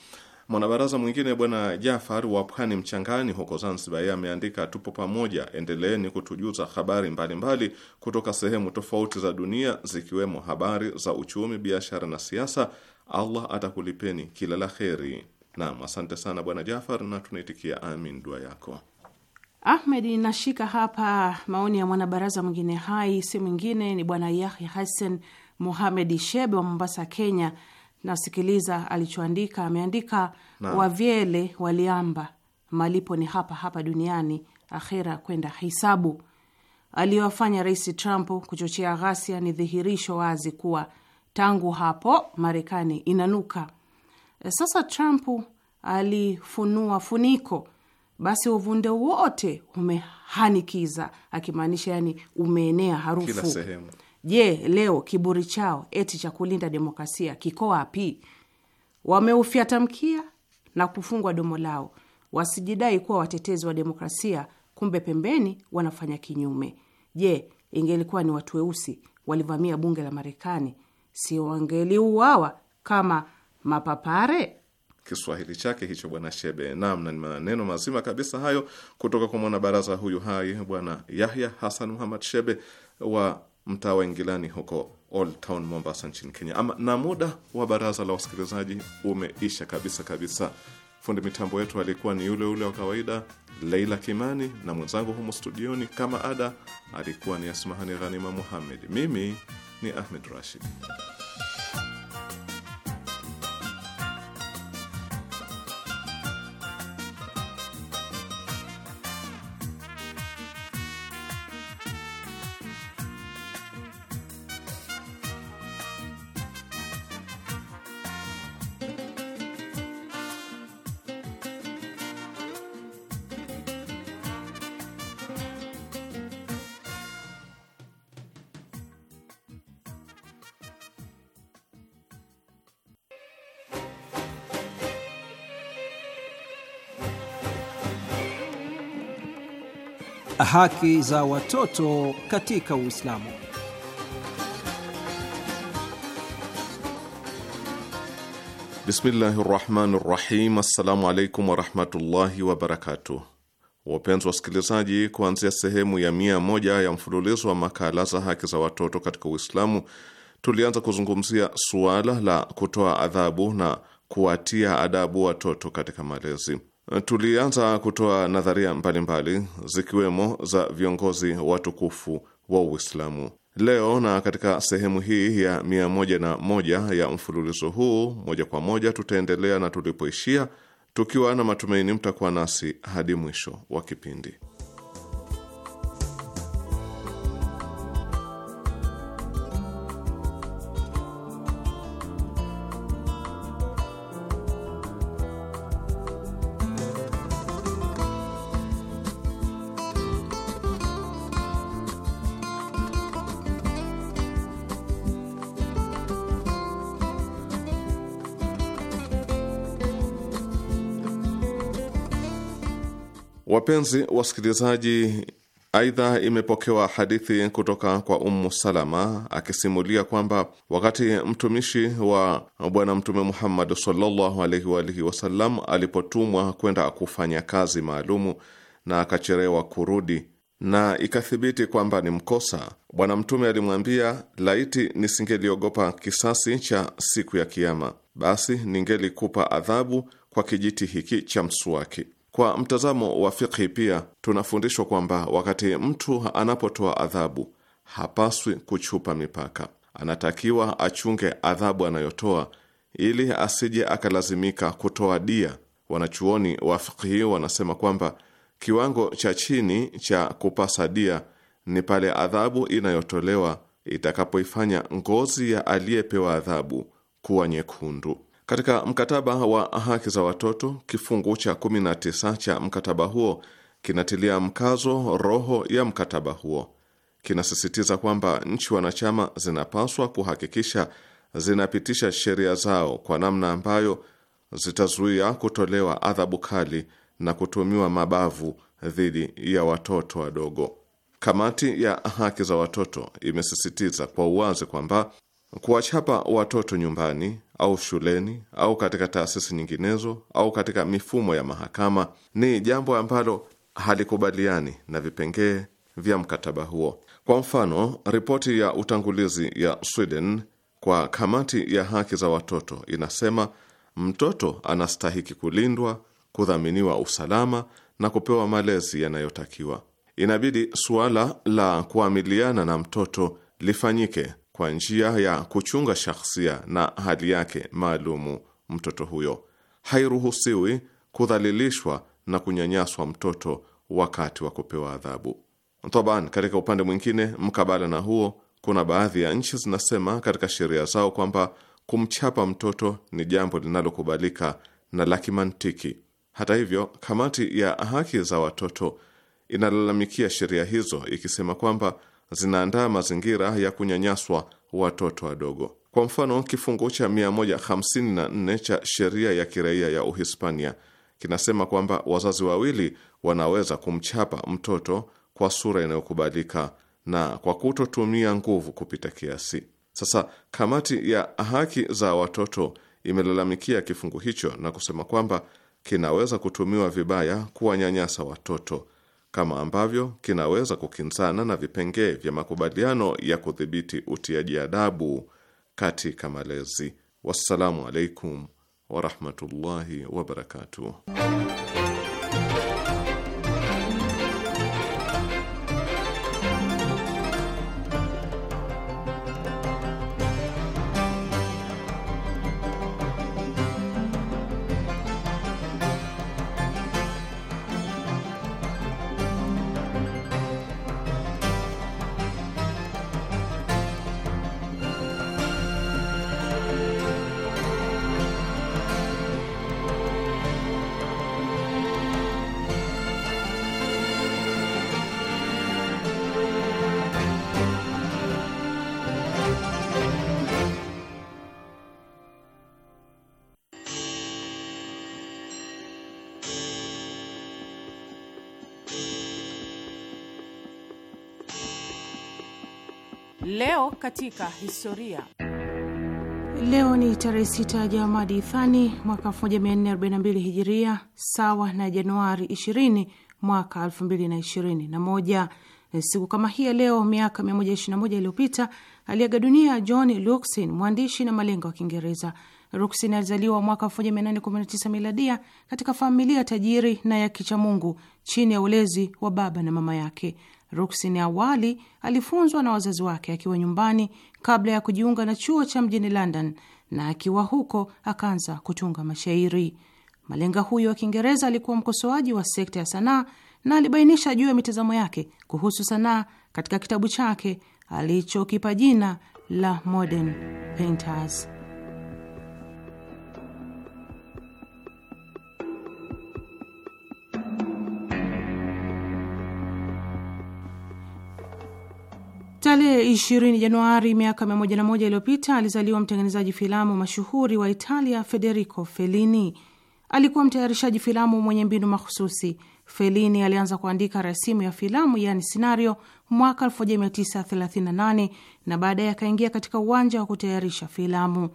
Mwanabaraza mwingine bwana Jafar wa Pwani Mchangani huko Zanzibar, yeye ameandika tupo pamoja, endeleeni kutujuza habari mbalimbali mbali kutoka sehemu tofauti za dunia, zikiwemo habari za uchumi, biashara na siasa. Allah atakulipeni kila la heri. Naam, asante sana bwana Jafar, na tunaitikia amin dua yako. Ahmed, nashika hapa maoni ya mwanabaraza mwingine hai, si mwingine ni bwana Yahya Hassan Mohamed Shebe wa Mombasa, Kenya. Nasikiliza alichoandika. Ameandika na, wavyele waliamba, malipo ni hapa hapa duniani, akhera kwenda hisabu. Aliyowafanya Rais Trump kuchochea ghasia ni dhihirisho wazi kuwa tangu hapo Marekani inanuka. Sasa Trump alifunua funiko, basi uvunde wote umehanikiza, akimaanisha yani umeenea harufu kila sehemu. Je, leo kiburi chao eti cha kulinda demokrasia kiko wapi? Wameufyatamkia na kufungwa domo lao, wasijidai kuwa watetezi wa demokrasia, kumbe pembeni wanafanya kinyume. Je, ingelikuwa ni watu weusi walivamia bunge la Marekani, si wangeliuawa kama mapapare? Kiswahili chake hicho Bwana Shebe. Naam, na ni maneno mazima kabisa hayo kutoka kwa mwanabaraza huyu hai Bwana Yahya Hasan Muhamad Shebe wa mtaa wa Ingilani huko Old Town Mombasa nchini Kenya. Ama, na muda wa baraza la wasikilizaji umeisha kabisa kabisa. Fundi mitambo yetu alikuwa ni yule yule wa kawaida Leila Kimani, na mwenzangu humo studioni kama ada alikuwa ni Asmahani Ghanima Muhammed. Mimi ni Ahmed Rashid. Haki za watoto katika Uislamu. Bismillahi rahmani rahim. Assalamu alaikum warahmatullahi wabarakatuh. Wapenzi wasikilizaji, kuanzia sehemu ya mia moja ya mfululizo wa makala za haki za watoto katika Uislamu tulianza kuzungumzia suala la kutoa adhabu na kuwatia adabu watoto katika malezi tulianza kutoa nadharia mbalimbali zikiwemo za viongozi watukufu wa Uislamu. Leo na katika sehemu hii ya mia moja na moja ya mfululizo huu, moja kwa moja tutaendelea na tulipoishia, tukiwa na matumaini mtakuwa nasi hadi mwisho wa kipindi. Wapenzi wasikilizaji, aidha imepokewa hadithi kutoka kwa Ummu Salama akisimulia kwamba wakati mtumishi wa Bwana Mtume Muhammad sallallahu alaihi wa alihi wasallam alipotumwa kwenda kufanya kazi maalumu na akachelewa kurudi na ikathibiti kwamba ni mkosa, Bwana Mtume alimwambia, laiti nisingeliogopa kisasi cha siku ya Kiama, basi ningelikupa adhabu kwa kijiti hiki cha mswaki kwa mtazamo wa fikhi, pia tunafundishwa kwamba wakati mtu anapotoa adhabu hapaswi kuchupa mipaka, anatakiwa achunge adhabu anayotoa ili asije akalazimika kutoa dia. Wanachuoni wa fikhi wanasema kwamba kiwango cha chini cha kupasa dia ni pale adhabu inayotolewa itakapoifanya ngozi ya aliyepewa adhabu kuwa nyekundu. Katika mkataba wa haki za watoto, kifungu cha 19 cha mkataba huo kinatilia mkazo roho ya mkataba huo. Kinasisitiza kwamba nchi wanachama zinapaswa kuhakikisha zinapitisha sheria zao kwa namna ambayo zitazuia kutolewa adhabu kali na kutumiwa mabavu dhidi ya watoto wadogo. Kamati ya haki za watoto imesisitiza kwa uwazi kwamba kuwachapa watoto nyumbani au shuleni au katika taasisi nyinginezo au katika mifumo ya mahakama ni jambo ambalo halikubaliani na vipengee vya mkataba huo. Kwa mfano, ripoti ya utangulizi ya Sweden kwa kamati ya haki za watoto inasema mtoto anastahiki kulindwa, kudhaminiwa usalama na kupewa malezi yanayotakiwa. Inabidi suala la kuamiliana na mtoto lifanyike kwa njia ya kuchunga shakhsia na hali yake maalumu mtoto huyo. Hairuhusiwi kudhalilishwa na kunyanyaswa mtoto wakati wa kupewa adhabu. Taban, katika upande mwingine mkabala na huo, kuna baadhi ya nchi zinasema katika sheria zao kwamba kumchapa mtoto ni jambo linalokubalika na la kimantiki. Hata hivyo, kamati ya haki za watoto inalalamikia sheria hizo ikisema kwamba zinaandaa mazingira ya kunyanyaswa watoto wadogo. Kwa mfano, kifungu cha 154 cha sheria ya kiraia ya Uhispania kinasema kwamba wazazi wawili wanaweza kumchapa mtoto kwa sura inayokubalika na kwa kutotumia nguvu kupita kiasi. Sasa kamati ya haki za watoto imelalamikia kifungu hicho na kusema kwamba kinaweza kutumiwa vibaya kuwanyanyasa watoto kama ambavyo kinaweza kukinzana na vipengee vya makubaliano ya kudhibiti utiaji adabu katika malezi. Wassalamu alaikum warahmatullahi wabarakatuh. katika historia. Leo ni tarehe ya Jamadi Thani mwaka 1442 Hijiria, sawa na Januari 20 mwaka 2021. E, siku kama hii ya leo miaka 121 iliyopita aliaga dunia John Ruskin, mwandishi na malengo wa Kiingereza. Ruskin alizaliwa mwaka 1819 miladia katika familia tajiri na ya kichamungu chini ya ulezi wa baba na mama yake. Ruksin awali alifunzwa na wazazi wake akiwa nyumbani kabla ya kujiunga na chuo cha mjini London, na akiwa huko akaanza kutunga mashairi. Malenga huyo wa Kiingereza alikuwa mkosoaji wa sekta ya sanaa na alibainisha juu ya mitazamo yake kuhusu sanaa katika kitabu chake alichokipa jina la Modern Painters. Tarehe ishirini Januari miaka moja iliyopita alizaliwa mtengenezaji filamu mashuhuri wa Italia Federico Fellini. Alikuwa mtayarishaji filamu mwenye mbinu mahususi. Fellini alianza kuandika rasimu ya filamu yani scenario mwaka 1938 na baadaye akaingia katika uwanja wa kutayarisha filamu.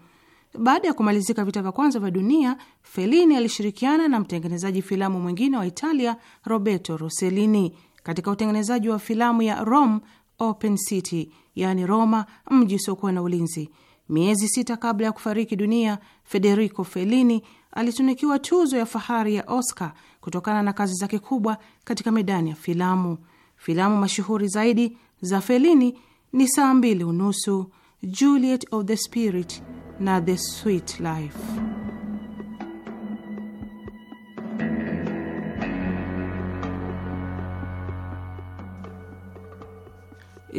Baada ya kumalizika vita vya kwanza vya dunia, Fellini alishirikiana na mtengenezaji filamu mwingine wa Italia Roberto Rossellini katika utengenezaji wa filamu ya Rome Open City, yaani Roma, mji usiokuwa na ulinzi. Miezi sita kabla ya kufariki dunia, Federico Fellini alitunikiwa tuzo ya fahari ya Oscar kutokana na kazi zake kubwa katika medani ya filamu. Filamu mashuhuri zaidi za Fellini ni saa mbili unusu, Juliet of the Spirit na The Sweet Life.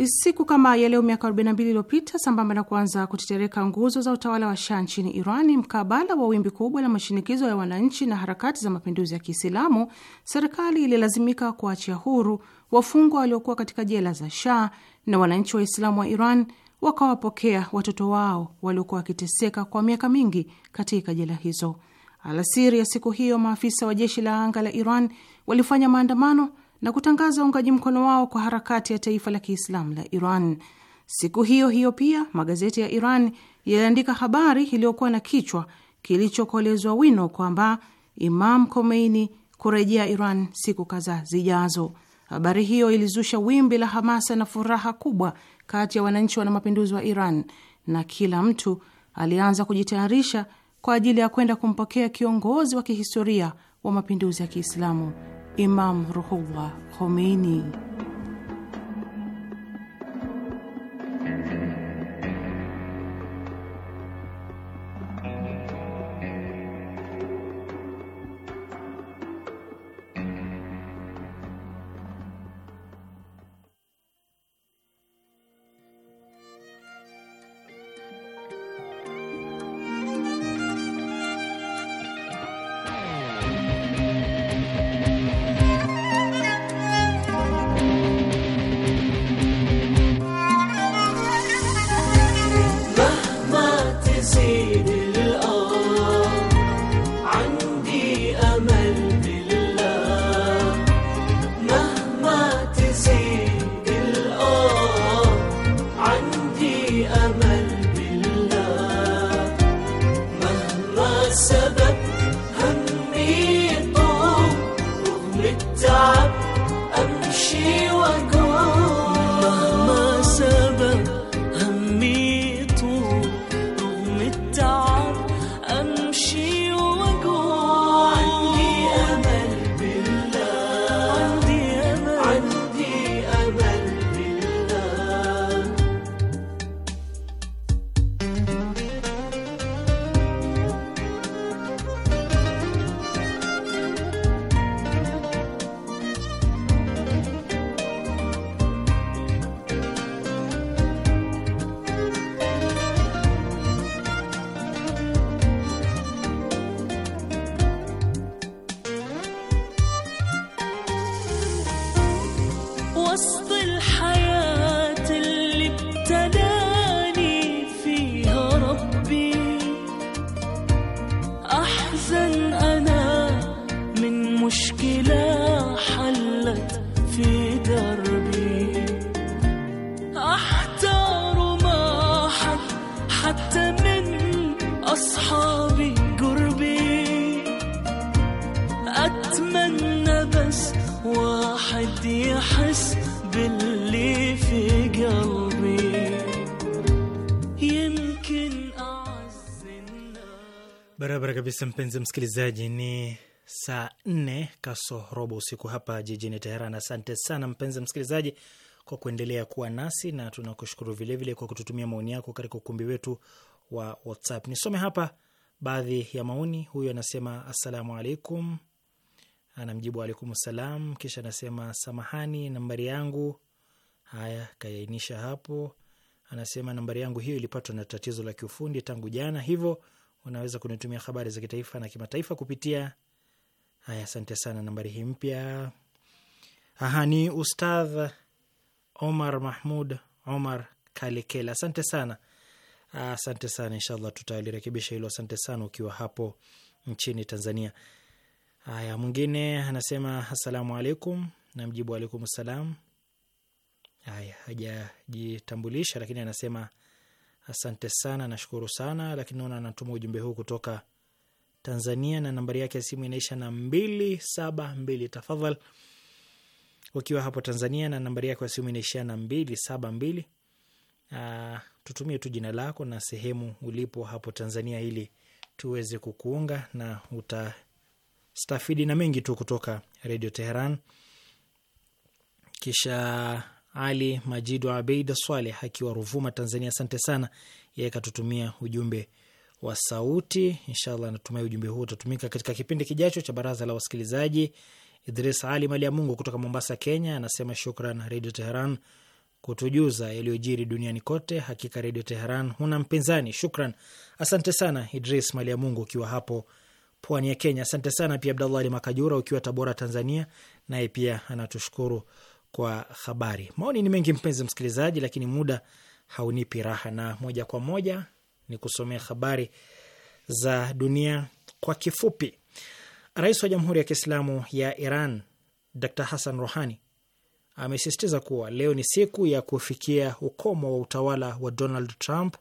Eh, siku kama ya leo miaka 42 iliyopita, sambamba na kuanza kutetereka nguzo za utawala wa Shah nchini Irani, mkabala wa wimbi kubwa la mashinikizo ya wananchi na harakati za mapinduzi ya Kiislamu, serikali ililazimika kuachia huru wafungwa waliokuwa katika jela za Shah, na wananchi Waislamu wa Iran wakawapokea watoto wao waliokuwa wakiteseka kwa miaka mingi katika jela hizo. Alasiri ya siku hiyo, maafisa wa jeshi la anga la Iran walifanya maandamano na kutangaza uungaji mkono wao kwa harakati ya taifa la Kiislamu la Iran. Siku hiyo hiyo pia magazeti ya Iran yaliandika habari iliyokuwa na kichwa kilichokolezwa wino kwamba Imam Khomeini kurejea Iran siku kadhaa zijazo. Habari hiyo ilizusha wimbi la hamasa na furaha kubwa kati ya wananchi wana mapinduzi wa Iran, na kila mtu alianza kujitayarisha kwa ajili ya kwenda kumpokea kiongozi wa kihistoria wa mapinduzi ya Kiislamu Imam Ruhullah Khomeini kabisa, mpenzi msikilizaji, ni saa nne kaso robo usiku hapa jijini Teheran. Asante sana mpenzi msikilizaji kwa kuendelea kuwa nasi na tunakushukuru vilevile kwa kututumia maoni yako katika ukumbi wetu wa WhatsApp. Nisome hapa baadhi ya maoni. Huyu anasema assalamu alaikum, anamjibu alaikum salam, kisha anasema samahani, nambari yangu. Haya, kaainisha hapo, anasema nambari yangu hiyo ilipatwa na tatizo la kiufundi tangu jana, hivyo unaweza kunitumia habari za kitaifa na kimataifa kupitia haya. Asante sana, nambari hii mpya. Aha, ni Ustadh Omar Mahmud Omar Kalekela, asante sana, asante sana. Inshallah tutalirekebisha hilo. Asante sana ukiwa hapo nchini Tanzania. Haya, mwingine anasema assalamu alaikum, na mjibu alaikum salam. Haya, hajajitambulisha lakini anasema Asante sana, nashukuru sana, lakini naona anatuma ujumbe huu kutoka Tanzania na nambari yake ya simu inaisha na mbili saba mbili. Tafadhali ukiwa hapo Tanzania na nambari yako ya simu inaishia na mbili saba mbili, uh, tutumie tu jina lako na sehemu ulipo hapo Tanzania ili tuweze kukuunga na utastafidi na mengi tu kutoka Redio Teheran. Kisha ali Majid wa Abeid Swaleh akiwa Ruvuma, Tanzania. Asante sana, yeye katutumia ujumbe wa sauti. Inshallah natumai ujumbe huo utatumika katika kipindi kijacho cha baraza la wasikilizaji. Idris Ali Mali ya Mungu kutoka Mombasa, Kenya, anasema shukran Redio Teheran kutujuza yaliyojiri duniani kote. Hakika Redio Teheran huna mpinzani. Shukran, asante sana Idris Mali ya Mungu ukiwa hapo pwani ya Kenya. Asante sana pia Abdallah Ali Makajura ukiwa Tabora, Tanzania, naye pia anatushukuru kwa habari. Maoni ni mengi mpenzi msikilizaji, lakini muda haunipi raha, na moja kwa moja ni kusomea habari za dunia kwa kifupi. Rais wa Jamhuri ya Kiislamu ya Iran Dr Hassan Rohani amesisitiza kuwa leo ni siku ya kufikia ukomo wa utawala wa Donald Trump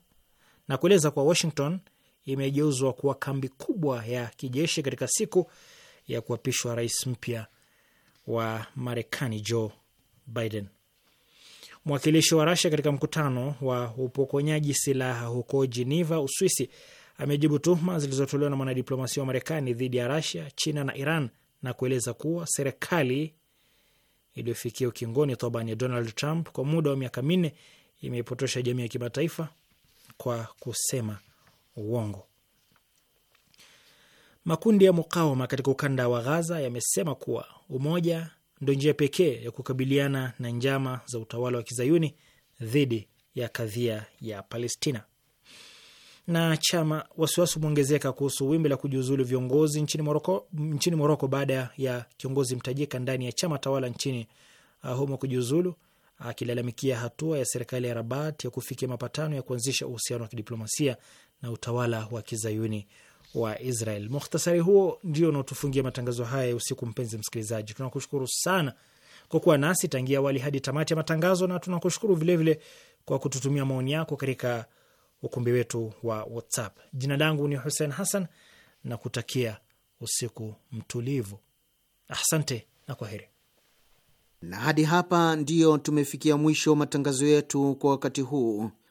na kueleza kuwa Washington imegeuzwa kuwa kambi kubwa ya kijeshi katika siku ya kuapishwa rais mpya wa Marekani Joe Biden. Mwakilishi wa Rasia katika mkutano wa upokonyaji silaha huko Jeneva, Uswisi, amejibu tuhuma zilizotolewa na mwanadiplomasia wa Marekani dhidi ya Rasia, China na Iran na kueleza kuwa serikali iliyofikia ukingoni thobani ya Donald Trump kwa muda wa miaka minne imeipotosha jamii ya kimataifa kwa kusema uongo. Makundi ya mukawama katika ukanda wa Ghaza yamesema kuwa umoja ndo njia pekee ya kukabiliana na njama za utawala wa kizayuni dhidi ya kadhia ya Palestina. Na chama wasiwasi umeongezeka kuhusu wimbi la kujiuzulu viongozi nchini Moroko, nchini Moroko baada ya kiongozi mtajika ndani ya chama tawala nchini uh, humo kujiuzulu akilalamikia hatua ya serikali ya Rabat ya kufikia mapatano ya kuanzisha uhusiano wa kidiplomasia na utawala wa kizayuni wa Israel. Mukhtasari huo ndio unaotufungia matangazo haya ya usiku. Mpenzi msikilizaji, tunakushukuru sana kwa kuwa nasi tangia awali hadi tamati ya matangazo, na tunakushukuru vilevile kwa kututumia maoni yako katika ukumbi wetu wa WhatsApp. Jina langu ni Hussein Hassan na kutakia usiku mtulivu. Asante na kwa heri Na hadi hapa ndiyo tumefikia mwisho matangazo yetu kwa wakati huu.